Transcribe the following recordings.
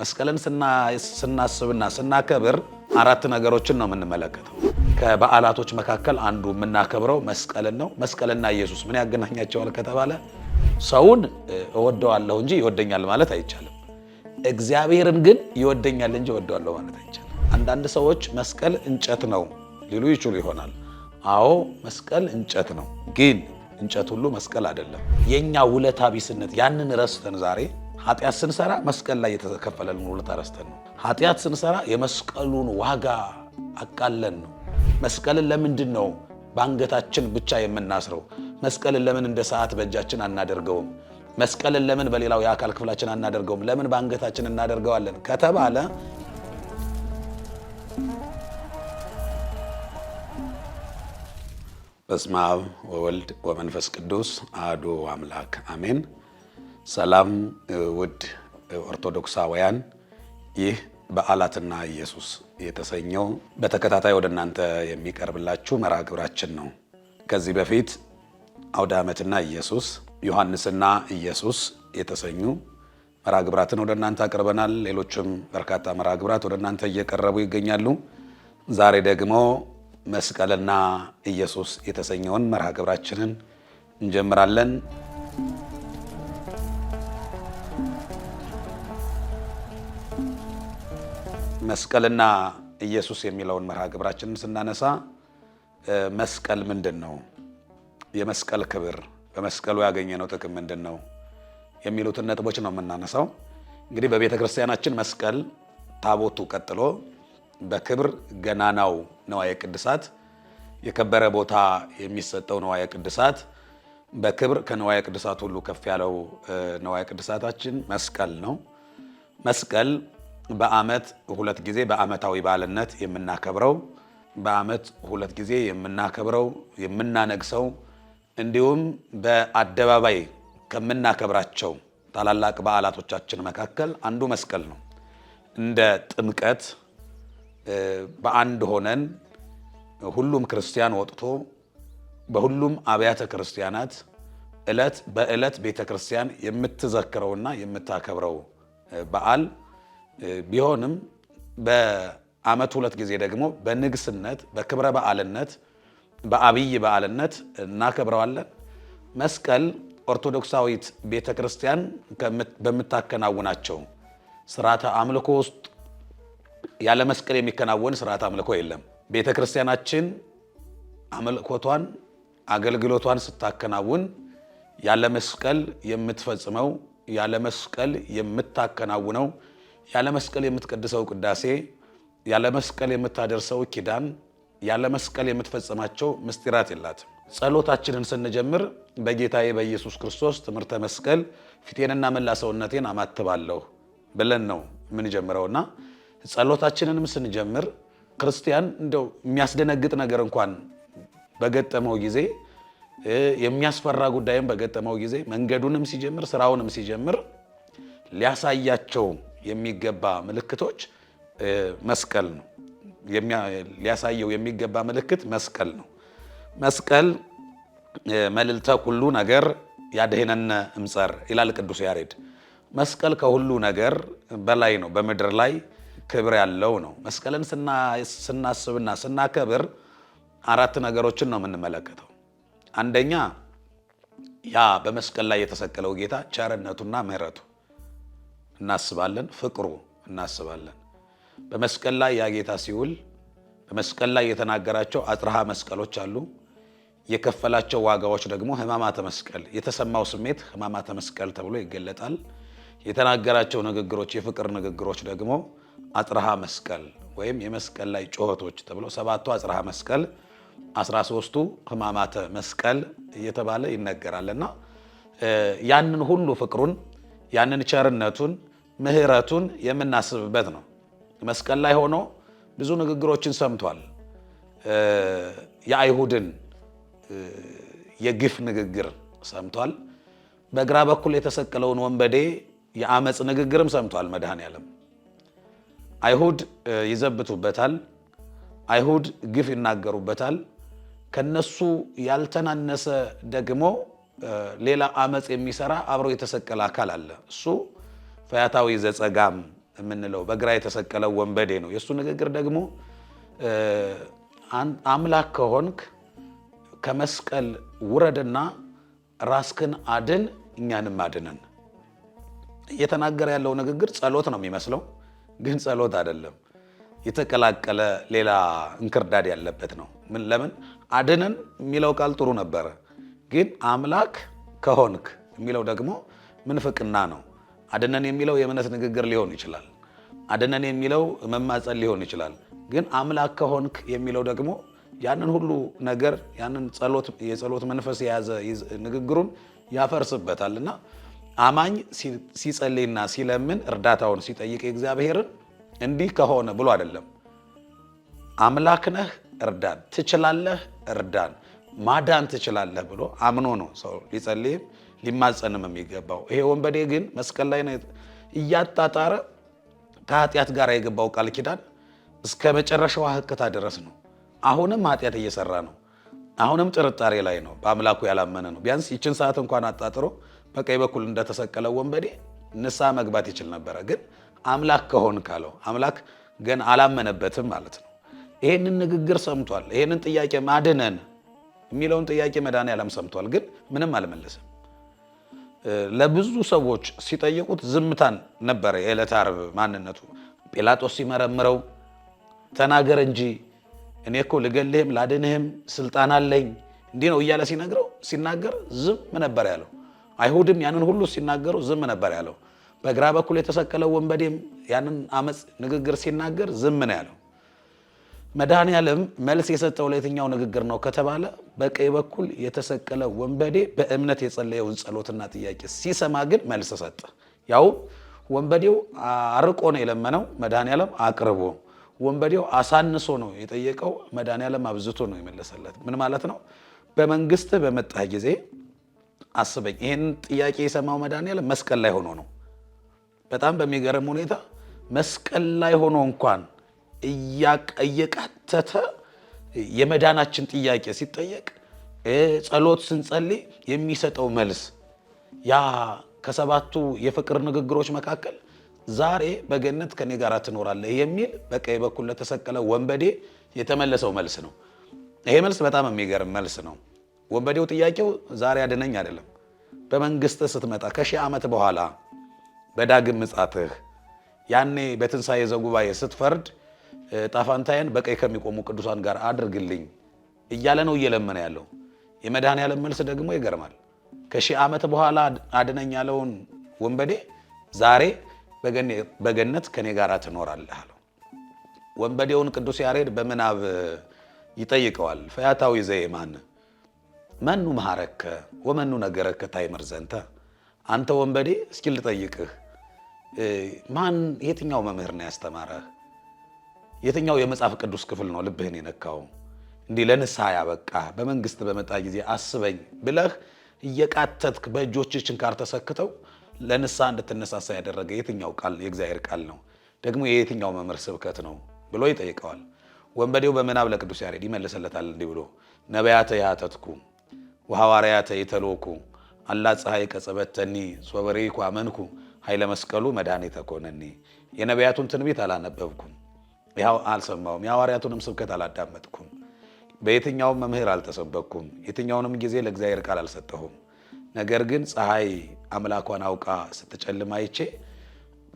መስቀልን ስናስብና ስናከብር አራት ነገሮችን ነው የምንመለከተው። ከበዓላቶች መካከል አንዱ የምናከብረው መስቀልን ነው። መስቀልና ኢየሱስ ምን ያገናኛቸዋል ከተባለ ሰውን እወደዋለሁ እንጂ ይወደኛል ማለት አይቻልም። እግዚአብሔርን ግን ይወደኛል እንጂ እወደዋለሁ ማለት አይቻልም። አንዳንድ ሰዎች መስቀል እንጨት ነው ሊሉ ይችሉ ይሆናል። አዎ መስቀል እንጨት ነው፣ ግን እንጨት ሁሉ መስቀል አይደለም። የእኛ ውለታ ቢስነት ያንን ረስተን ዛሬ ኃጢአት ስንሰራ መስቀል ላይ የተከፈለልን ውለታ ረስተን ነው። ኃጢአት ስንሰራ የመስቀሉን ዋጋ አቃለን ነው። መስቀልን ለምንድን ነው በአንገታችን ብቻ የምናስረው? መስቀልን ለምን እንደ ሰዓት በእጃችን አናደርገውም? መስቀልን ለምን በሌላው የአካል ክፍላችን አናደርገውም? ለምን በአንገታችን እናደርገዋለን ከተባለ በስመ አብ ወወልድ ወመንፈስ ቅዱስ አሐዱ አምላክ አሜን። ሰላም ውድ ኦርቶዶክሳውያን፣ ይህ በዓላትና ኢየሱስ የተሰኘው በተከታታይ ወደ እናንተ የሚቀርብላችሁ መርሃ ግብራችን ነው። ከዚህ በፊት አውደ ዓመትና ኢየሱስ፣ ዮሐንስና ኢየሱስ የተሰኙ መርሃ ግብራትን ወደ እናንተ አቅርበናል። ሌሎችም በርካታ መርሃ ግብራት ወደ እናንተ እየቀረቡ ይገኛሉ። ዛሬ ደግሞ መስቀልና ኢየሱስ የተሰኘውን መርሃ ግብራችንን እንጀምራለን። መስቀልና ኢየሱስ የሚለውን መርሃ ግብራችንን ስናነሳ መስቀል ምንድን ነው፣ የመስቀል ክብር፣ በመስቀሉ ያገኘነው ጥቅም ምንድን ነው የሚሉትን ነጥቦች ነው የምናነሳው። እንግዲህ በቤተ ክርስቲያናችን መስቀል ታቦቱ ቀጥሎ በክብር ገናናው ንዋየ ቅድሳት የከበረ ቦታ የሚሰጠው ንዋየ ቅድሳት በክብር ከንዋየ ቅድሳት ሁሉ ከፍ ያለው ንዋየ ቅድሳታችን መስቀል ነው። መስቀል በዓመት ሁለት ጊዜ በዓመታዊ በዓልነት የምናከብረው በዓመት ሁለት ጊዜ የምናከብረው የምናነግሰው እንዲሁም በአደባባይ ከምናከብራቸው ታላላቅ በዓላቶቻችን መካከል አንዱ መስቀል ነው። እንደ ጥምቀት በአንድ ሆነን ሁሉም ክርስቲያን ወጥቶ በሁሉም አብያተ ክርስቲያናት ዕለት በዕለት ቤተ ክርስቲያን የምትዘክረውና የምታከብረው በዓል ቢሆንም በዓመት ሁለት ጊዜ ደግሞ በንግስነት በክብረ በዓልነት በአብይ በዓልነት እናከብረዋለን። መስቀል ኦርቶዶክሳዊት ቤተ ክርስቲያን በምታከናውናቸው ስርዓተ አምልኮ ውስጥ ያለ መስቀል የሚከናወን ስርዓተ አምልኮ የለም። ቤተ ክርስቲያናችን አምልኮቷን አገልግሎቷን ስታከናውን ያለ መስቀል የምትፈጽመው ያለ መስቀል የምታከናውነው ያለ መስቀል የምትቀድሰው ቅዳሴ፣ ያለ መስቀል የምታደርሰው ኪዳን፣ ያለ መስቀል የምትፈጽማቸው ምስጢራት የላት። ጸሎታችንን ስንጀምር በጌታዬ በኢየሱስ ክርስቶስ ትምህርተ መስቀል ፊቴንና መላ ሰውነቴን አማትባለሁ ብለን ነው የምንጀምረውና ጸሎታችንንም ስንጀምር ክርስቲያን እንደው የሚያስደነግጥ ነገር እንኳን በገጠመው ጊዜ የሚያስፈራ ጉዳይም በገጠመው ጊዜ መንገዱንም ሲጀምር ስራውንም ሲጀምር ሊያሳያቸው የሚገባ ምልክቶች መስቀል ነው። ሊያሳየው የሚገባ ምልክት መስቀል ነው። መስቀል መልዕልተ ኩሉ ነገር ያድኅነነ እምጸር ይላል ቅዱስ ያሬድ። መስቀል ከሁሉ ነገር በላይ ነው፣ በምድር ላይ ክብር ያለው ነው። መስቀልን ስናስብና ስናከብር አራት ነገሮችን ነው የምንመለከተው። አንደኛ ያ በመስቀል ላይ የተሰቀለው ጌታ ቸርነቱና ምሕረቱ እናስባለን፣ ፍቅሩ እናስባለን። በመስቀል ላይ ያ ጌታ ሲውል በመስቀል ላይ የተናገራቸው አጽርሃ መስቀሎች አሉ። የከፈላቸው ዋጋዎች ደግሞ ሕማማተ መስቀል፣ የተሰማው ስሜት ሕማማተ መስቀል ተብሎ ይገለጣል። የተናገራቸው ንግግሮች፣ የፍቅር ንግግሮች ደግሞ አጽርሃ መስቀል ወይም የመስቀል ላይ ጩኸቶች ተብሎ ሰባቱ አጽርሃ መስቀል፣ አስራ ሦስቱ ሕማማተ መስቀል እየተባለ ይነገራልና ያንን ሁሉ ፍቅሩን ያንን ቸርነቱን ምሕረቱን የምናስብበት ነው። መስቀል ላይ ሆኖ ብዙ ንግግሮችን ሰምቷል። የአይሁድን የግፍ ንግግር ሰምቷል። በግራ በኩል የተሰቀለውን ወንበዴ የአመፅ ንግግርም ሰምቷል። መድኃኔዓለም አይሁድ ይዘብቱበታል፣ አይሁድ ግፍ ይናገሩበታል። ከነሱ ያልተናነሰ ደግሞ ሌላ አመፅ የሚሰራ አብሮ የተሰቀለ አካል አለ። እሱ ፈያታዊ ዘጸጋም የምንለው በግራ የተሰቀለው ወንበዴ ነው። የእሱ ንግግር ደግሞ አምላክ ከሆንክ ከመስቀል ውረድና ራስክን አድን እኛንም አድነን። እየተናገረ ያለው ንግግር ጸሎት ነው የሚመስለው፣ ግን ጸሎት አይደለም። የተቀላቀለ ሌላ እንክርዳድ ያለበት ነው። ምን ለምን አድነን የሚለው ቃል ጥሩ ነበረ ግን አምላክ ከሆንክ የሚለው ደግሞ ምንፍቅና ነው። አድነን የሚለው የእምነት ንግግር ሊሆን ይችላል። አድነን የሚለው መማፀን ሊሆን ይችላል። ግን አምላክ ከሆንክ የሚለው ደግሞ ያንን ሁሉ ነገር ያንን የጸሎት መንፈስ የያዘ ንግግሩን ያፈርስበታል እና አማኝ ሲጸልይና ሲለምን እርዳታውን ሲጠይቅ እግዚአብሔርን እንዲህ ከሆነ ብሎ አይደለም። አምላክ ነህ፣ እርዳን፣ ትችላለህ፣ እርዳን ማዳን ትችላለህ ብሎ አምኖ ነው ሰው ሊጸልይም ሊማጸንም የሚገባው። ይሄ ወንበዴ ግን መስቀል ላይ ነው እያጣጣረ ከኃጢአት ጋር የገባው ቃል ኪዳን እስከ መጨረሻው ህክታ ድረስ ነው። አሁንም ኃጢአት እየሰራ ነው። አሁንም ጥርጣሬ ላይ ነው። በአምላኩ ያላመነ ነው። ቢያንስ ይችን ሰዓት እንኳን አጣጥሮ በቀኝ በኩል እንደተሰቀለ ወንበዴ ንሳ መግባት ይችል ነበረ። ግን አምላክ ከሆን ካለው አምላክ ገና አላመነበትም ማለት ነው። ይህንን ንግግር ሰምቷል። ይህንን ጥያቄ ማድነን የሚለውን ጥያቄ መድኃኒዓለም ሰምቷል፣ ግን ምንም አልመለሰም። ለብዙ ሰዎች ሲጠይቁት ዝምታን ነበረ የዕለተ ዓርብ ማንነቱ። ጲላጦስ ሲመረምረው ተናገር እንጂ እኔ እኮ ልገልህም ላድንህም ስልጣን አለኝ እንዲህ ነው እያለ ሲነግረው ሲናገር ዝም ነበር ያለው። አይሁድም ያንን ሁሉ ሲናገሩ ዝም ነበር ያለው። በግራ በኩል የተሰቀለው ወንበዴም ያንን አመፅ ንግግር ሲናገር ዝም ነው ያለው። መድኃኔዓለም መልስ የሰጠው ለየትኛው ንግግር ነው ከተባለ በቀኝ በኩል የተሰቀለ ወንበዴ በእምነት የጸለየውን ጸሎትና ጥያቄ ሲሰማ ግን መልስ ሰጠ። ያው ወንበዴው አርቆ ነው የለመነው፣ መድኃኔዓለም አቅርቦ። ወንበዴው አሳንሶ ነው የጠየቀው፣ መድኃኔዓለም አብዝቶ ነው የመለሰለት። ምን ማለት ነው? በመንግስት በመጣህ ጊዜ አስበኝ። ይህን ጥያቄ የሰማው መድኃኔዓለም መስቀል ላይ ሆኖ ነው። በጣም በሚገርም ሁኔታ መስቀል ላይ ሆኖ እንኳን እየቃተተ የመዳናችን ጥያቄ ሲጠየቅ ጸሎት ስንጸልይ የሚሰጠው መልስ ያ ከሰባቱ የፍቅር ንግግሮች መካከል ዛሬ በገነት ከኔ ጋር ትኖራለህ የሚል በቀኝ በኩል ለተሰቀለ ወንበዴ የተመለሰው መልስ ነው። ይሄ መልስ በጣም የሚገርም መልስ ነው። ወንበዴው ጥያቄው ዛሬ አድነኝ አይደለም። በመንግስት ስትመጣ ከሺህ ዓመት በኋላ በዳግም ምጻትህ ያኔ በትንሣኤ ዘጉባኤ ስትፈርድ ጣፋንታዬን በቀይ ከሚቆሙ ቅዱሳን ጋር አድርግልኝ እያለ ነው እየለመነ ያለው። የመድኃኔዓለም መልስ ደግሞ ይገርማል። ከሺህ ዓመት በኋላ አድነኝ ያለውን ወንበዴ ዛሬ በገነት ከኔ ጋር ትኖራለህ አለው። ወንበዴውን ቅዱስ ያሬድ በምናብ ይጠይቀዋል። ፈያታዊ ዘየማን መኑ መሐረከ ወመኑ ነገረከ ታይምር ዘንተ። አንተ ወንበዴ እስኪ ልጠይቅህ፣ ማን የትኛው መምህር ነው ያስተማረህ? የትኛው የመጽሐፍ ቅዱስ ክፍል ነው ልብህን የነካው? እንዲህ ለንስሐ ያበቃ በመንግስት በመጣ ጊዜ አስበኝ ብለህ እየቃተትክ በእጆች ችንካር ተሰክተው ለንስሐ እንድትነሳሳ ያደረገ የትኛው ቃል የእግዚአብሔር ቃል ነው? ደግሞ የየትኛው መምህር ስብከት ነው ብሎ ይጠይቀዋል። ወንበዴው በምናብ ለቅዱስ ያሬድ ይመልስለታል እንዲህ ብሎ ነቢያተ ያተትኩ ወሐዋርያተ የተሎኩ አላ ፀሐይ ከጸበተኒ ሶበሬ ኳመንኩ ኃይለ መስቀሉ መድኃኒተ ኮነኒ። የነቢያቱን ትንቢት አላነበብኩም ያው አልሰማሁም፣ የሐዋርያቱንም ስብከት አላዳመጥኩም፣ በየትኛውም መምህር አልተሰበኩም፣ የትኛውንም ጊዜ ለእግዚአብሔር ቃል አልሰጠሁም። ነገር ግን ፀሐይ አምላኳን አውቃ ስትጨልም አይቼ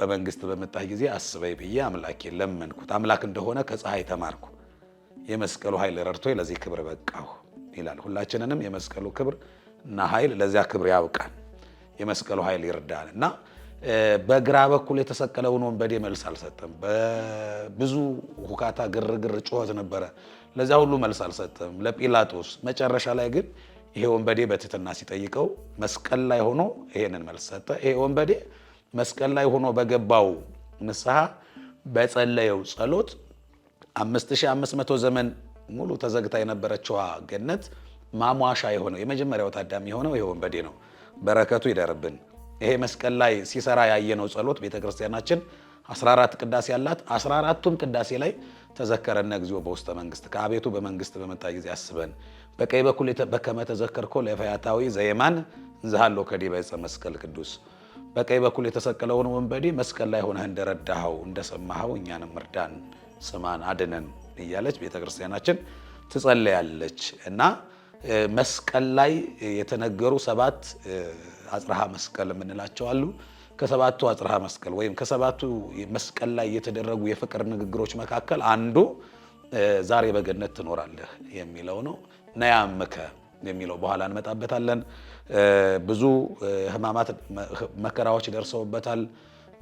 በመንግስት በመጣህ ጊዜ አስበይ ብዬ አምላኬ ለመንኩት። አምላክ እንደሆነ ከፀሐይ ተማርኩ። የመስቀሉ ኃይል ረድቶ ለዚህ ክብር በቃሁ ይላል። ሁላችንንም የመስቀሉ ክብር እና ኃይል ለዚያ ክብር ያብቃን። የመስቀሉ ኃይል ይርዳን እና በግራ በኩል የተሰቀለውን ወንበዴ መልስ አልሰጠም። በብዙ ሁካታ፣ ግርግር፣ ጩኸት ነበረ። ለዚያ ሁሉ መልስ አልሰጠም ለጲላጦስ። መጨረሻ ላይ ግን ይሄ ወንበዴ በትህትና ሲጠይቀው መስቀል ላይ ሆኖ ይሄንን መልስ ሰጠ። ይሄ ወንበዴ መስቀል ላይ ሆኖ በገባው ንስሐ በጸለየው ጸሎት 5500 ዘመን ሙሉ ተዘግታ የነበረችዋ ገነት ማሟሻ የሆነው የመጀመሪያው ታዳሚ የሆነው ይሄ ወንበዴ ነው። በረከቱ ይደርብን። ይሄ መስቀል ላይ ሲሰራ ያየነው ጸሎት ቤተክርስቲያናችን 14 ቅዳሴ አላት። 14ቱም ቅዳሴ ላይ ተዘከረነ እግዚኦ በውስተ መንግስት፣ ከአቤቱ በመንግስት በመጣ ጊዜ አስበን፣ በቀኝ በኩል በከመ ተዘከርኮ ለፈያታዊ ዘየማን እንዝሃሎ ከዲበ ዕፀ መስቀል ቅዱስ፣ በቀኝ በኩል የተሰቀለውን ወንበዴ መስቀል ላይ ሆነህ እንደረዳኸው እንደሰማኸው እኛንም እርዳን፣ ስማን፣ አድነን እያለች ቤተክርስቲያናችን ትጸለያለች እና መስቀል ላይ የተነገሩ ሰባት አጽርሃ መስቀል የምንላቸው አሉ። ከሰባቱ አጽርሃ መስቀል ወይም ከሰባቱ መስቀል ላይ የተደረጉ የፍቅር ንግግሮች መካከል አንዱ ዛሬ በገነት ትኖራለህ የሚለው ነው። ነያምከ የሚለው በኋላ እንመጣበታለን። ብዙ ህማማት መከራዎች ደርሰውበታል።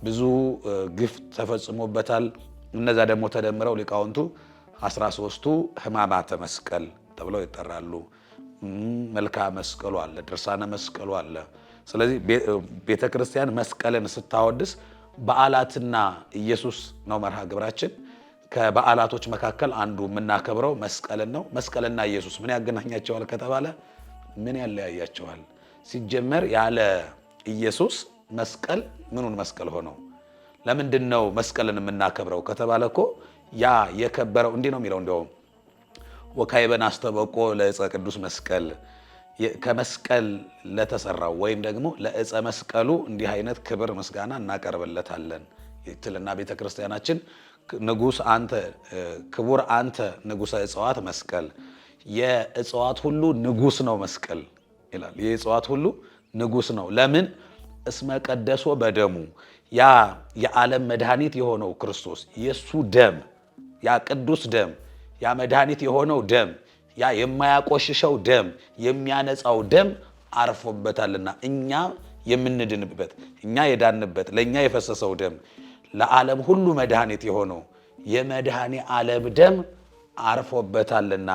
ብዙ ግፍ ተፈጽሞበታል። እነዛ ደግሞ ተደምረው ሊቃውንቱ አስራ ሦስቱ ሕማማተ መስቀል ተብለው ይጠራሉ። መልካ መስቀሉ አለ፣ ድርሳነ መስቀሉ አለ ስለዚህ ቤተ ክርስቲያን መስቀልን ስታወድስ በዓላትና ኢየሱስ ነው መርሃ ግብራችን። ከበዓላቶች መካከል አንዱ የምናከብረው መስቀልን ነው። መስቀልና ኢየሱስ ምን ያገናኛቸዋል ከተባለ ምን ያለያያቸዋል? ሲጀመር ያለ ኢየሱስ መስቀል ምኑን መስቀል ሆነው ለምንድን ነው መስቀልን የምናከብረው ከተባለ እኮ ያ የከበረው እንዲህ ነው የሚለው እንዲያውም ወካይበን አስተበቆ ለዕፀ ቅዱስ መስቀል ከመስቀል ለተሰራው ወይም ደግሞ ለእፀ መስቀሉ እንዲህ አይነት ክብር ምስጋና እናቀርብለታለን ትልና ቤተ ክርስቲያናችን ንጉስ አንተ ክቡር አንተ ንጉሰ እጽዋት መስቀል የእጽዋት ሁሉ ንጉስ ነው መስቀል ይላል። የእጽዋት ሁሉ ንጉስ ነው። ለምን እስመ ቀደሶ በደሙ ያ የዓለም መድኃኒት የሆነው ክርስቶስ የእሱ ደም ያ ቅዱስ ደም ያ መድኃኒት የሆነው ደም ያ የማያቆሽሸው ደም የሚያነጻው ደም አርፎበታልና እኛ የምንድንበት እኛ የዳንበት ለእኛ የፈሰሰው ደም ለዓለም ሁሉ መድኃኒት የሆነው የመድኃኔ ዓለም ደም አርፎበታልና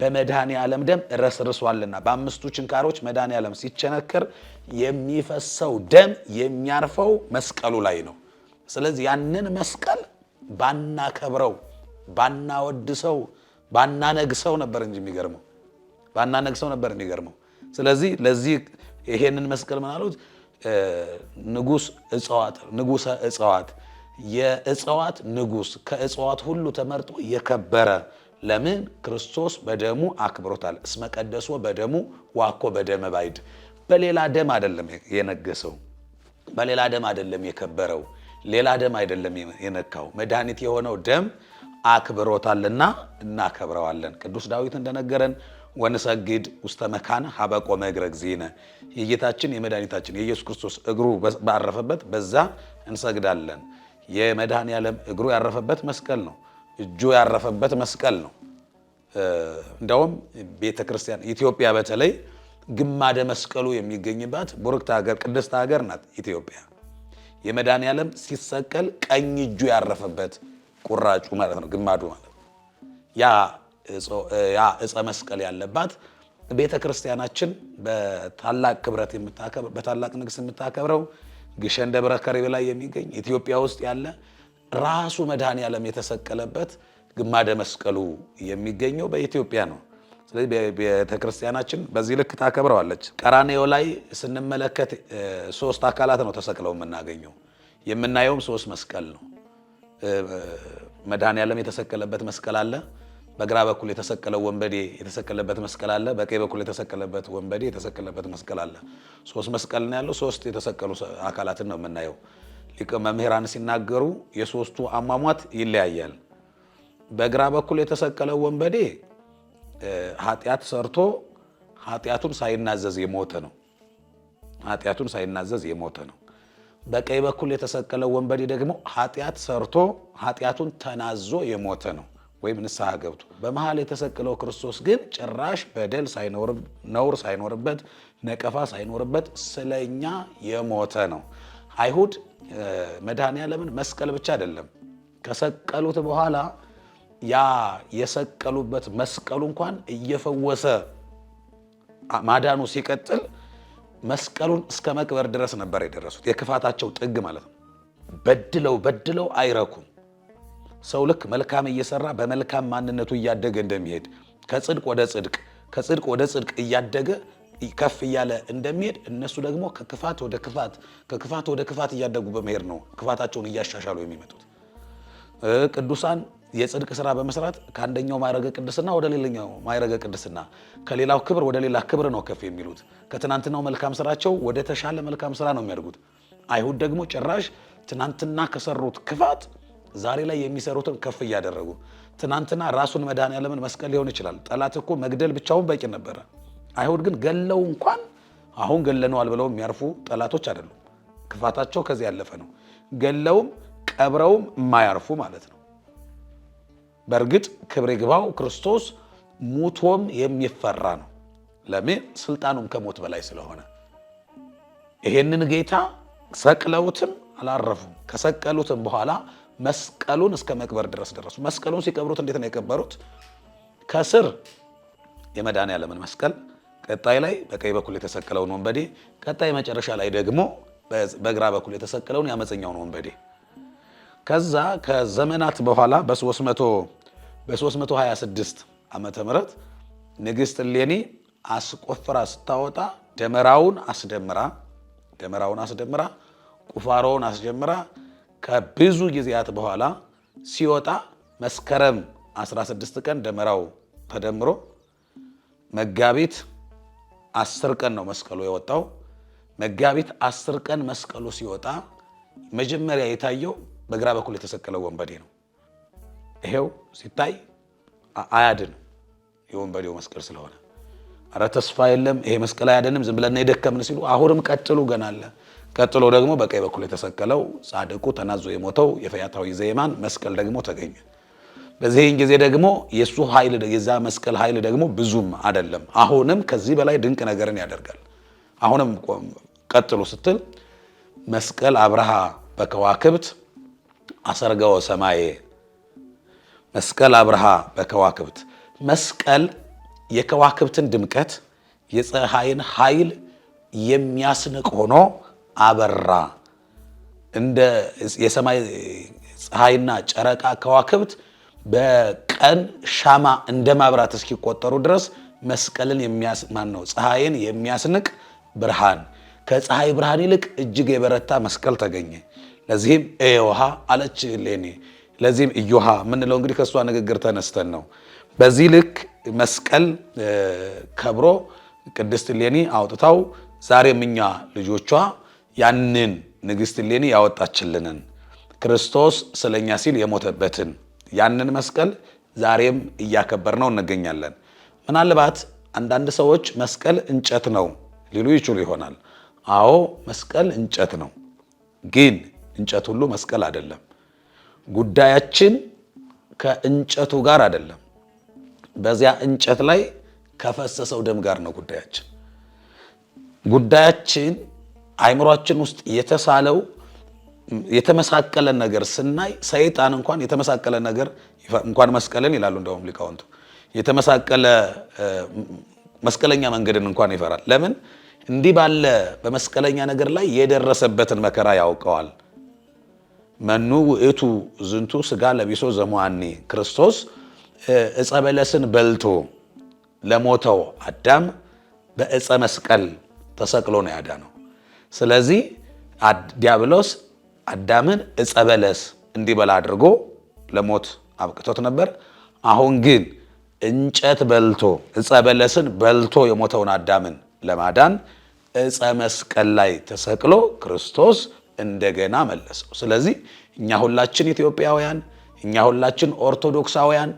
በመድኃኔ ዓለም ደም ረስርሷልና በአምስቱ ችንካሮች መድኃኔ ዓለም ሲቸነክር የሚፈሰው ደም የሚያርፈው መስቀሉ ላይ ነው። ስለዚህ ያንን መስቀል ባናከብረው ባናወድሰው ባናነግሰው ነበር እንጂ የሚገርመው ባናነግሰው ነበር የሚገርመው። ስለዚህ ለዚህ ይሄንን መስቀል ምን አሉት? እጽዋት፣ ንጉሰ እጽዋት፣ የእጽዋት ንጉስ ከእጽዋት ሁሉ ተመርጦ የከበረ ለምን ክርስቶስ በደሙ አክብሮታል። እስመ ቀደሶ በደሙ ዋኮ በደመ ባይድ። በሌላ ደም አይደለም የነገሰው፣ በሌላ ደም አይደለም የከበረው፣ ሌላ ደም አይደለም የነካው፣ መድኃኒት የሆነው ደም አክብሮታልና እናከብረዋለን። ቅዱስ ዳዊት እንደነገረን ወንሰግድ ውስተ መካን ሀበቆ መእግረ እግዚእነ የጌታችን የመድኃኒታችን የኢየሱስ ክርስቶስ እግሩ ባረፈበት በዛ እንሰግዳለን። የመድኃኔ ዓለም እግሩ ያረፈበት መስቀል ነው። እጁ ያረፈበት መስቀል ነው። እንደውም ቤተ ክርስቲያን ኢትዮጵያ በተለይ ግማደ መስቀሉ የሚገኝባት ቡርክት ሀገር ቅድስት ሀገር ናት ኢትዮጵያ። የመድኃኔ ዓለም ሲሰቀል ቀኝ እጁ ያረፈበት ቁራጩ ማለት ነው፣ ግማዱ ማለት ነው። ያ እፀ መስቀል ያለባት ቤተ ክርስቲያናችን በታላቅ ክብረት በታላቅ ንግስ የምታከብረው ግሸን ደብረ ከርቤ ላይ የሚገኝ ኢትዮጵያ ውስጥ ያለ ራሱ መድኃኔ ዓለም የተሰቀለበት ግማደ መስቀሉ የሚገኘው በኢትዮጵያ ነው። ስለዚህ ቤተ ክርስቲያናችን በዚህ ልክ ታከብረዋለች። ቀራኔዮ ላይ ስንመለከት ሶስት አካላት ነው ተሰቅለው የምናገኘው። የምናየውም ሶስት መስቀል ነው። መድኃኔዓለም የተሰቀለበት መስቀል አለ። በግራ በኩል የተሰቀለው ወንበዴ የተሰቀለበት መስቀል አለ። በቀኝ በኩል የተሰቀለበት ወንበዴ የተሰቀለበት መስቀል አለ። ሶስት መስቀል ነው ያለው። ሶስት የተሰቀሉ አካላትን ነው የምናየው። ሊቀ መምህራን ሲናገሩ የሶስቱ አሟሟት ይለያያል። በግራ በኩል የተሰቀለው ወንበዴ ኃጢአት ሰርቶ ኃጢአቱን ሳይናዘዝ የሞተ ነው። ኃጢአቱን ሳይናዘዝ የሞተ ነው። በቀኝ በኩል የተሰቀለው ወንበዴ ደግሞ ኃጢአት ሰርቶ ኃጢአቱን ተናዞ የሞተ ነው ወይም ንስሐ ገብቶ። በመሃል የተሰቀለው ክርስቶስ ግን ጭራሽ በደል ነውር ሳይኖርበት ነቀፋ ሳይኖርበት ስለኛ የሞተ ነው። አይሁድ መድኃኔዓለምን መስቀል ብቻ አይደለም ከሰቀሉት በኋላ ያ የሰቀሉበት መስቀሉ እንኳን እየፈወሰ ማዳኑ ሲቀጥል መስቀሉን እስከ መቅበር ድረስ ነበር የደረሱት። የክፋታቸው ጥግ ማለት ነው። በድለው በድለው አይረኩም። ሰው ልክ መልካም እየሰራ በመልካም ማንነቱ እያደገ እንደሚሄድ ከጽድቅ ወደ ጽድቅ ከጽድቅ ወደ ጽድቅ እያደገ ከፍ እያለ እንደሚሄድ እነሱ ደግሞ ከክፋት ወደ ክፋት ከክፋት ወደ ክፋት እያደጉ በመሄድ ነው ክፋታቸውን እያሻሻሉ የሚመጡት። ቅዱሳን የጽድቅ ስራ በመስራት ከአንደኛው ማይረገ ቅድስና ወደ ሌላኛው ማይረገ ቅድስና፣ ከሌላው ክብር ወደ ሌላ ክብር ነው ከፍ የሚሉት። ከትናንትናው መልካም ስራቸው ወደ ተሻለ መልካም ስራ ነው የሚያድጉት። አይሁድ ደግሞ ጭራሽ ትናንትና ከሰሩት ክፋት ዛሬ ላይ የሚሰሩትን ከፍ እያደረጉ ትናንትና ራሱን መድኃኔዓለምን መስቀል ሊሆን ይችላል። ጠላት እኮ መግደል ብቻውን በቂ ነበረ። አይሁድ ግን ገለው እንኳን አሁን ገለነዋል ብለው የሚያርፉ ጠላቶች አይደሉም። ክፋታቸው ከዚህ ያለፈ ነው። ገለውም ቀብረውም የማያርፉ ማለት ነው። በእርግጥ ክብሬ ግባው ክርስቶስ ሙቶም የሚፈራ ነው። ለምን? ስልጣኑም ከሞት በላይ ስለሆነ ይሄንን ጌታ ሰቅለውትም አላረፉም። ከሰቀሉትም በኋላ መስቀሉን እስከ መቅበር ድረስ ደረሱ። መስቀሉን ሲቀብሩት እንዴት ነው የቀበሩት? ከስር የመድኃኒዓለምን መስቀል፣ ቀጣይ ላይ በቀኝ በኩል የተሰቀለውን ወንበዴ፣ ቀጣይ መጨረሻ ላይ ደግሞ በግራ በኩል የተሰቀለውን የአመፀኛውን ወንበዴ ከዛ ከዘመናት በኋላ በ326 ዓመተ ምህረት ንግሥት እሌኒ አስቆፍራ ስታወጣ ደመራውን አስደምራ ደመራውን አስደምራ ቁፋሮውን አስጀምራ ከብዙ ጊዜያት በኋላ ሲወጣ መስከረም 16 ቀን ደመራው ተደምሮ መጋቢት አስር ቀን ነው መስቀሉ የወጣው። መጋቢት አስር ቀን መስቀሉ ሲወጣ መጀመሪያ የታየው በግራ በኩል የተሰቀለው ወንበዴ ነው። ይሄው ሲታይ አያድን የወንበዴው መስቀል ስለሆነ፣ አረ ተስፋ የለም ይሄ መስቀል አያድንም ዝም ብለን የደከምን ሲሉ አሁንም ቀጥሉ ገና አለ። ቀጥሎ ደግሞ በቀኝ በኩል የተሰቀለው ጻድቁ ተናዞ የሞተው የፈያታዊ ዘየማን መስቀል ደግሞ ተገኘ። በዚህን ጊዜ ደግሞ የሱ ኃይል የዛ መስቀል ኃይል ደግሞ ብዙም አይደለም። አሁንም ከዚህ በላይ ድንቅ ነገርን ያደርጋል። አሁንም ቀጥሉ ስትል መስቀል አብርሃ በከዋክብት አሰርገወ ሰማዬ መስቀል አብርሃ በከዋክብት መስቀል የከዋክብትን ድምቀት የፀሐይን ኃይል የሚያስንቅ ሆኖ አበራ። እንደ የሰማይ ፀሐይና ጨረቃ ከዋክብት በቀን ሻማ እንደ ማብራት እስኪቆጠሩ ድረስ መስቀልን ማን ነው። ፀሐይን የሚያስንቅ ብርሃን ከፀሐይ ብርሃን ይልቅ እጅግ የበረታ መስቀል ተገኘ። ለዚህም ኤዮሃ አለች ለዚህም እዮሃ የምንለው እንግዲህ ከእሷ ንግግር ተነስተን ነው። በዚህ ልክ መስቀል ከብሮ ቅድስት ሌኒ አውጥታው ዛሬም እኛ ልጆቿ ያንን ንግስት ሌኒ ያወጣችልንን ክርስቶስ ስለኛ ሲል የሞተበትን ያንን መስቀል ዛሬም እያከበርነው እንገኛለን። ምናልባት አንዳንድ ሰዎች መስቀል እንጨት ነው ሊሉ ይችሉ ይሆናል። አዎ መስቀል እንጨት ነው ግን እንጨት ሁሉ መስቀል አይደለም። ጉዳያችን ከእንጨቱ ጋር አይደለም፣ በዚያ እንጨት ላይ ከፈሰሰው ደም ጋር ነው ጉዳያችን። ጉዳያችን አይምሯችን ውስጥ የተሳለው የተመሳቀለ ነገር ስናይ ሰይጣን እንኳን የተመሳቀለ ነገር እንኳን መስቀልን ይላሉ እንደውም ሊቃውንቱ የተመሳቀለ መስቀለኛ መንገድን እንኳን ይፈራል። ለምን? እንዲህ ባለ በመስቀለኛ ነገር ላይ የደረሰበትን መከራ ያውቀዋል። መኑ ውእቱ ዝንቱ ስጋ ለቢሶ ዘሙአኒ ክርስቶስ እፀበለስን በለስን በልቶ ለሞተው አዳም በእፀ መስቀል ተሰቅሎ ነው ያዳነው። ስለዚህ ዲያብሎስ አዳምን እፀበለስ በለስ እንዲበላ አድርጎ ለሞት አብቅቶት ነበር። አሁን ግን እንጨት በልቶ ዕፀ በለስን በልቶ የሞተውን አዳምን ለማዳን እፀ መስቀል ላይ ተሰቅሎ ክርስቶስ እንደገና መለሰው። ስለዚህ እኛ ሁላችን ኢትዮጵያውያን፣ እኛ ሁላችን ኦርቶዶክሳውያን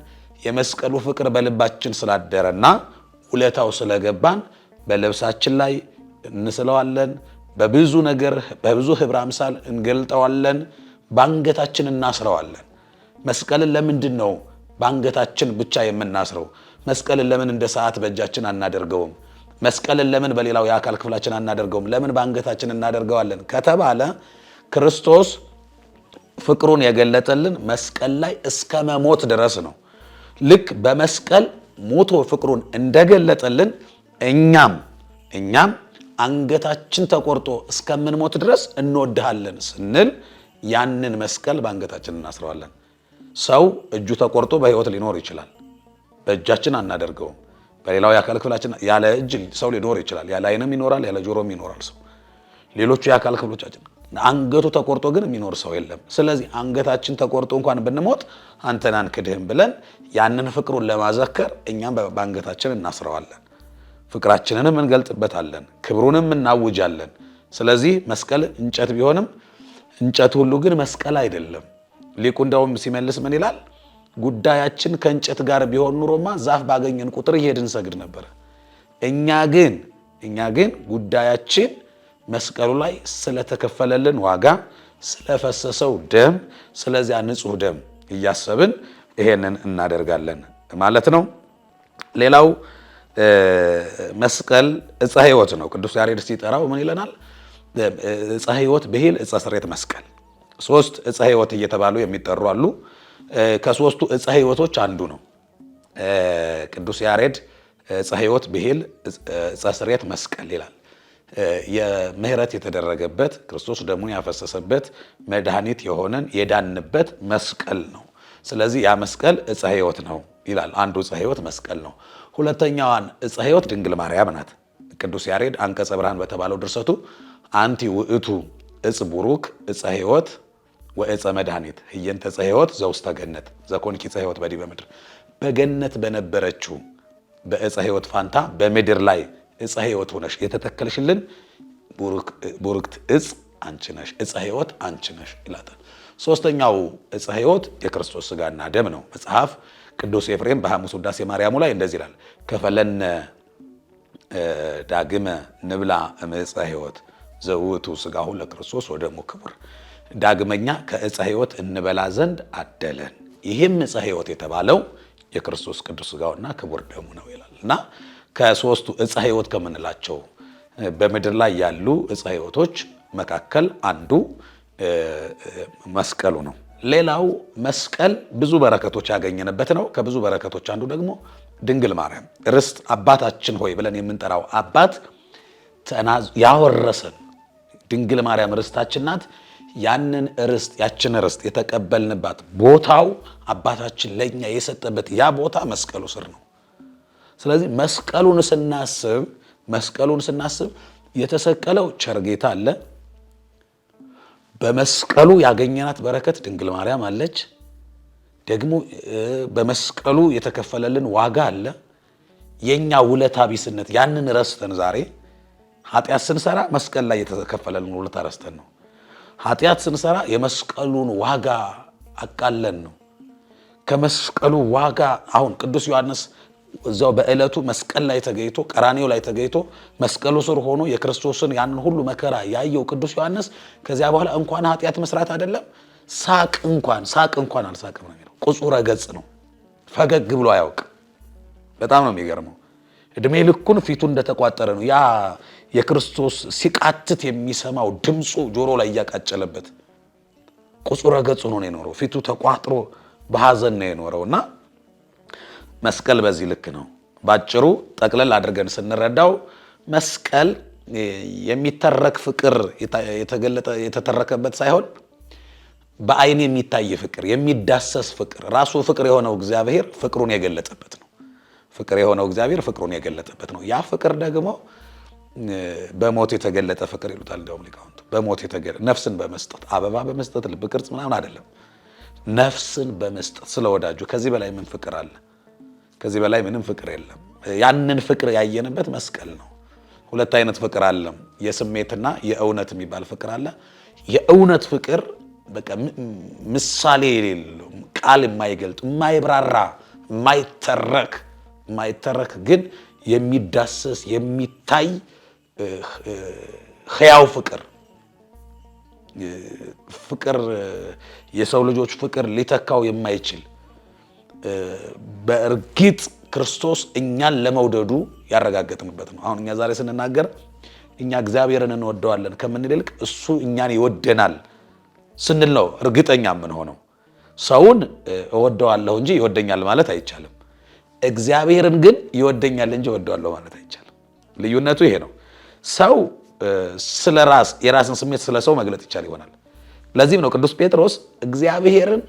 የመስቀሉ ፍቅር በልባችን ስላደረና ውለታው ስለገባን በልብሳችን ላይ እንስለዋለን። በብዙ ነገር በብዙ ህብረ አምሳል እንገልጠዋለን። በአንገታችን እናስረዋለን። መስቀልን ለምንድን ነው በአንገታችን ብቻ የምናስረው? መስቀልን ለምን እንደ ሰዓት በእጃችን አናደርገውም? መስቀልን ለምን በሌላው የአካል ክፍላችን አናደርገውም? ለምን በአንገታችን እናደርገዋለን ከተባለ ክርስቶስ ፍቅሩን የገለጠልን መስቀል ላይ እስከ መሞት ድረስ ነው። ልክ በመስቀል ሞቶ ፍቅሩን እንደገለጠልን እኛም እኛም አንገታችን ተቆርጦ እስከምንሞት ድረስ እንወድሃለን ስንል ያንን መስቀል በአንገታችን እናስረዋለን። ሰው እጁ ተቆርጦ በሕይወት ሊኖር ይችላል። በእጃችን አናደርገውም። በሌላው የአካል ክፍላችን ያለ እጅ ሰው ሊኖር ይችላል። ያለ አይንም ይኖራል፣ ያለ ጆሮም ይኖራል ሰው። ሌሎቹ የአካል ክፍሎቻችን አንገቱ ተቆርጦ ግን የሚኖር ሰው የለም። ስለዚህ አንገታችን ተቆርጦ እንኳን ብንሞት አንተን አንክድህም ብለን ያንን ፍቅሩን ለማዘከር እኛም በአንገታችን እናስረዋለን። ፍቅራችንንም እንገልጥበታለን፣ ክብሩንም እናውጃለን። ስለዚህ መስቀል እንጨት ቢሆንም እንጨት ሁሉ ግን መስቀል አይደለም። ሊቁ እንደውም ሲመልስ ምን ይላል? ጉዳያችን ከእንጨት ጋር ቢሆን ኑሮማ ዛፍ ባገኘን ቁጥር እየሄድን ሰግድ ነበረ። እኛ ግን እኛ ግን ጉዳያችን መስቀሉ ላይ ስለተከፈለልን ዋጋ፣ ስለፈሰሰው ደም፣ ስለዚያ ንጹህ ደም እያሰብን ይሄንን እናደርጋለን ማለት ነው። ሌላው መስቀል ዕፀ ሕይወት ነው። ቅዱስ ያሬድ ሲጠራው ምን ይለናል? ዕፀ ሕይወት ብሂል ዕፀ ስሬት መስቀል። ሶስት ዕፀ ሕይወት እየተባሉ የሚጠሩ አሉ። ከሶስቱ ዕፀ ሕይወቶች አንዱ ነው። ቅዱስ ያሬድ ዕፀ ሕይወት ብሂል ዕፀ ስሬት መስቀል ይላል። የምህረት የተደረገበት ክርስቶስ ደሙን ያፈሰሰበት መድኃኒት የሆነን የዳንበት መስቀል ነው። ስለዚህ ያ መስቀል ዕፀ ሕይወት ነው ይላል። አንዱ ዕፀ ሕይወት መስቀል ነው። ሁለተኛዋን ዕፀ ሕይወት ድንግል ማርያም ናት። ቅዱስ ያሬድ አንቀጸ ብርሃን በተባለው ድርሰቱ አንቲ ውእቱ ዕፅ ቡሩክ ዕፀ ሕይወት ወእፀ መድኃኒት ህየንተ ዕፀ ሕይወት ዘውስተ ገነት ዘኮንኪ ጸሕይወት ሕይወት በዲበ ምድር በገነት በነበረችው በእፀ ሕይወት ፋንታ በምድር ላይ እፀ ሕይወት ሆነሽ የተተከልሽልን ቡርክት ዕፅ አንቺ ነሽ፣ ዕፀ ሕይወት አንቺ ነሽ ይላታል። ሶስተኛው እፀ ሕይወት የክርስቶስ ስጋና ደም ነው። መጽሐፍ ቅዱስ ኤፍሬም በሐሙስ ውዳሴ ማርያሙ ላይ እንደዚህ ይላል፣ ከፈለነ ዳግመ ንብላ እምዕፀ ሕይወት ዘውቱ ሥጋሁ ለክርስቶስ ወደሙ ክቡር ዳግመኛ ከእጸ ሕይወት እንበላ ዘንድ አደለን። ይህም ዕፀ ሕይወት የተባለው የክርስቶስ ቅዱስ ሥጋውና ክቡር ደሙ ነው ይላል እና ከሶስቱ ዕፀ ሕይወት ከምንላቸው በምድር ላይ ያሉ ዕፀ ሕይወቶች መካከል አንዱ መስቀሉ ነው። ሌላው መስቀል ብዙ በረከቶች ያገኘንበት ነው። ከብዙ በረከቶች አንዱ ደግሞ ድንግል ማርያም ርስት አባታችን ሆይ ብለን የምንጠራው አባት ያወረሰን ድንግል ማርያም ርስታችን ናት። ያንን ርስት ያችን ርስት የተቀበልንባት ቦታው አባታችን ለእኛ የሰጠበት ያ ቦታ መስቀሉ ስር ነው። ስለዚህ መስቀሉን ስናስብ መስቀሉን ስናስብ የተሰቀለው ቸርጌታ አለ። በመስቀሉ ያገኘናት በረከት ድንግል ማርያም አለች። ደግሞ በመስቀሉ የተከፈለልን ዋጋ አለ። የእኛ ውለታ ቢስነት ያንን ረስተን ዛሬ ኃጢአት ስንሰራ መስቀል ላይ የተከፈለልን ውለታ ረስተን ነው ኃጢአት ስንሰራ የመስቀሉን ዋጋ አቃለን ነው። ከመስቀሉ ዋጋ አሁን ቅዱስ ዮሐንስ እዛው በዕለቱ መስቀል ላይ ተገኝቶ ቀራኔው ላይ ተገኝቶ መስቀሉ ስር ሆኖ የክርስቶስን ያንን ሁሉ መከራ ያየው ቅዱስ ዮሐንስ ከዚያ በኋላ እንኳን ኃጢአት መስራት አይደለም ሳቅ እንኳን ሳቅ እንኳን አልሳቅም ነው የሚለው። ቁጹረ ገጽ ነው። ፈገግ ብሎ አያውቅ። በጣም ነው የሚገርመው። እድሜ ልኩን ፊቱ እንደተቋጠረ ነው። ያ የክርስቶስ ሲቃትት የሚሰማው ድምፁ ጆሮ ላይ እያቃጨለበት ቁጹረ ገጽ ሆኖ ነው የኖረው። ፊቱ ተቋጥሮ በሐዘን ነው የኖረው እና መስቀል በዚህ ልክ ነው። ባጭሩ ጠቅለል አድርገን ስንረዳው መስቀል የሚተረክ ፍቅር የተገለጠ የተተረከበት ሳይሆን በአይን የሚታይ ፍቅር፣ የሚዳሰስ ፍቅር፣ ራሱ ፍቅር የሆነው እግዚአብሔር ፍቅሩን የገለጠበት ነው። ፍቅር የሆነው እግዚአብሔር ፍቅሩን የገለጠበት ነው። ያ ፍቅር ደግሞ በሞት የተገለጠ ፍቅር ይሉታል። እንዲያውም ሊቃውንቱ በሞት ነፍስን በመስጠት አበባ በመስጠት ልብ ቅርጽ ምናምን አይደለም፣ ነፍስን በመስጠት ስለ ወዳጁ። ከዚህ በላይ ምን ፍቅር አለ? ከዚህ በላይ ምንም ፍቅር የለም። ያንን ፍቅር ያየንበት መስቀል ነው። ሁለት አይነት ፍቅር አለም፣ የስሜትና የእውነት የሚባል ፍቅር አለ። የእውነት ፍቅር በቃ ምሳሌ የሌለው ቃል የማይገልጥ የማይብራራ የማይተረክ የማይተረክ ግን የሚዳሰስ የሚታይ ህያው ፍቅር ፍቅር የሰው ልጆች ፍቅር ሊተካው የማይችል በእርግጥ ክርስቶስ እኛን ለመውደዱ ያረጋገጥንበት ነው። አሁን እኛ ዛሬ ስንናገር እኛ እግዚአብሔርን እንወደዋለን ከምንል ይልቅ እሱ እኛን ይወደናል ስንል ነው እርግጠኛ የምንሆነው። ሰውን እወደዋለሁ እንጂ ይወደኛል ማለት አይቻልም። እግዚአብሔርን ግን ይወደኛል እንጂ ወደዋለሁ ማለት አይቻልም። ልዩነቱ ይሄ ነው። ሰው ስለ ራስ የራስን ስሜት ስለ ሰው መግለጥ ይቻል ይሆናል። ለዚህም ነው ቅዱስ ጴጥሮስ እግዚአብሔርን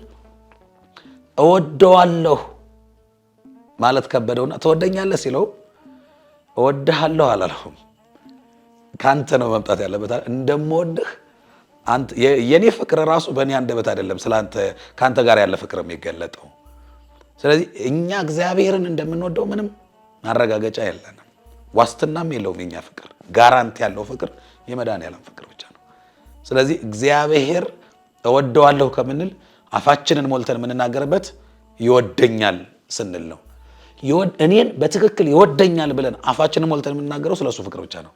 እወደዋለሁ ማለት ከበደውና ትወደኛለህ ሲለው እወድሃለሁ አላለሁም። ከአንተ ነው መምጣት ያለበት እንደምወድህ የእኔ ፍቅር ራሱ በእኔ አንደበት አይደለም፣ ከአንተ ጋር ያለ ፍቅር የሚገለጠው ስለዚህ እኛ እግዚአብሔርን እንደምንወደው ምንም ማረጋገጫ የለንም፣ ዋስትናም የለውም። የኛ ፍቅር ጋራንቲ ያለው ፍቅር የመድኃኒዓለም ፍቅር ብቻ ነው። ስለዚህ እግዚአብሔር እወደዋለሁ ከምንል አፋችንን ሞልተን የምንናገርበት ይወደኛል ስንል ነው። እኔን በትክክል ይወደኛል ብለን አፋችንን ሞልተን የምንናገረው ስለሱ ፍቅር ብቻ ነው።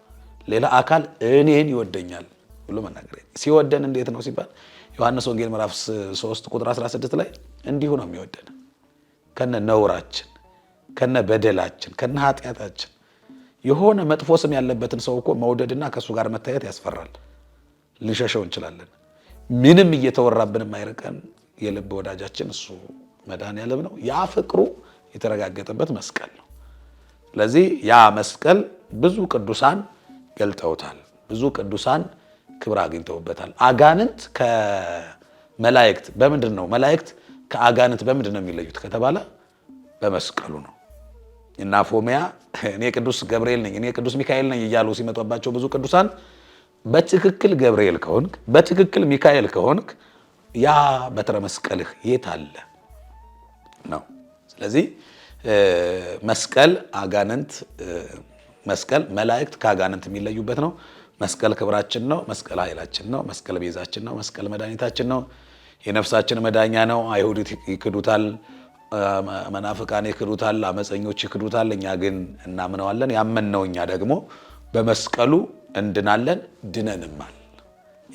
ሌላ አካል እኔን ይወደኛል ብሎ መናገር ሲወደን እንዴት ነው ሲባል ዮሐንስ ወንጌል ምዕራፍ 3 ቁጥር 16 ላይ እንዲሁ ነው የሚወደን ከነ ነውራችን ከነ በደላችን ከነ ኃጢአታችን የሆነ መጥፎ ስም ያለበትን ሰው እኮ መውደድና ከእሱ ጋር መታየት ያስፈራል። ልንሸሸው እንችላለን። ምንም እየተወራብን የማይርቀን የልብ ወዳጃችን እሱ መድኃኔዓለም ነው። ያ ፍቅሩ የተረጋገጠበት መስቀል ነው። ስለዚህ ያ መስቀል ብዙ ቅዱሳን ገልጠውታል። ብዙ ቅዱሳን ክብር አግኝተውበታል። አጋንንት ከመላእክት በምንድን ነው መላእክት ከአጋንንት በምንድን ነው የሚለዩት ከተባለ በመስቀሉ ነው። እና ፎሚያ እኔ ቅዱስ ገብርኤል ነኝ፣ እኔ ቅዱስ ሚካኤል ነኝ እያሉ ሲመጡባቸው ብዙ ቅዱሳን በትክክል ገብርኤል ከሆንክ፣ በትክክል ሚካኤል ከሆንክ ያ በትረ መስቀልህ የት አለ ነው። ስለዚህ መስቀል አጋንንት መስቀል መላእክት ከአጋንንት የሚለዩበት ነው። መስቀል ክብራችን ነው። መስቀል ኃይላችን ነው። መስቀል ቤዛችን ነው። መስቀል መድኃኒታችን ነው። የነፍሳችን መዳኛ ነው። አይሁድ ይክዱታል፣ መናፍቃን ይክዱታል፣ አመፀኞች ይክዱታል። እኛ ግን እናምነዋለን። ያመንነው እኛ ደግሞ በመስቀሉ እንድናለን ድነንማል።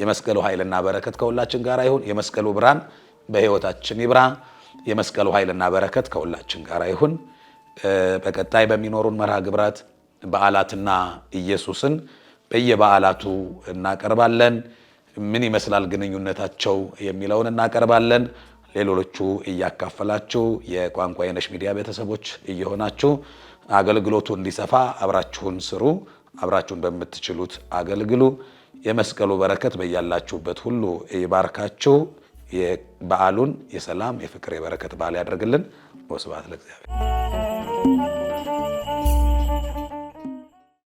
የመስቀሉ ኃይልና በረከት ከሁላችን ጋር ይሁን። የመስቀሉ ብርሃን በህይወታችን ይብራ። የመስቀሉ ኃይልና በረከት ከሁላችን ጋር ይሁን። በቀጣይ በሚኖሩን መርሃ ግብራት በዓላትና ኢየሱስን በየበዓላቱ እናቀርባለን። ምን ይመስላል ግንኙነታቸው የሚለውን እናቀርባለን። ሌሎቹ እያካፈላችሁ የቋንቋ የነሽ ሚዲያ ቤተሰቦች እየሆናችሁ አገልግሎቱ እንዲሰፋ አብራችሁን ስሩ። አብራችሁን በምትችሉት አገልግሉ። የመስቀሉ በረከት በያላችሁበት ሁሉ ይባርካችሁ። በዓሉን የሰላም የፍቅር፣ የበረከት በዓል ያደርግልን። ወስብሐት ለእግዚአብሔር።